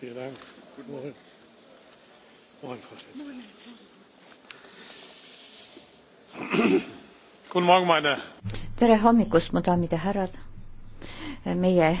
Vielen Dank. Guten Morgen. Morgen, Frau Schätz. Guten Morgen, meine. tere hommikust, mu daamid ja härrad. meie